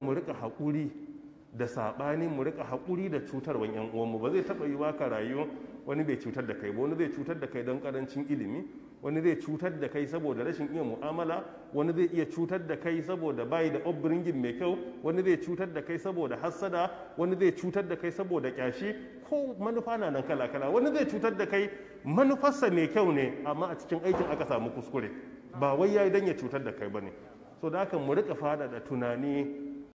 mu rika haƙuri da saɓani mu rika haƙuri da cutarwan yan uwanmu ba zai taɓa yi ka rayu wani bai cutar da kai ba wani zai cutar da kai don karancin ilimi wani zai cutar da kai saboda rashin iya mu'amala wani zai iya cutar da kai saboda bayi da obringin mai kyau wani zai cutar da kai saboda hassada wani zai cutar da kai saboda kyashi ko manufa na nan kala kala wani zai cutar da kai manufarsa mai kyau ne amma a cikin aikin aka samu kuskure ba wai yayi don ya cutar da kai ba ne so da haka mu rika fada da tunani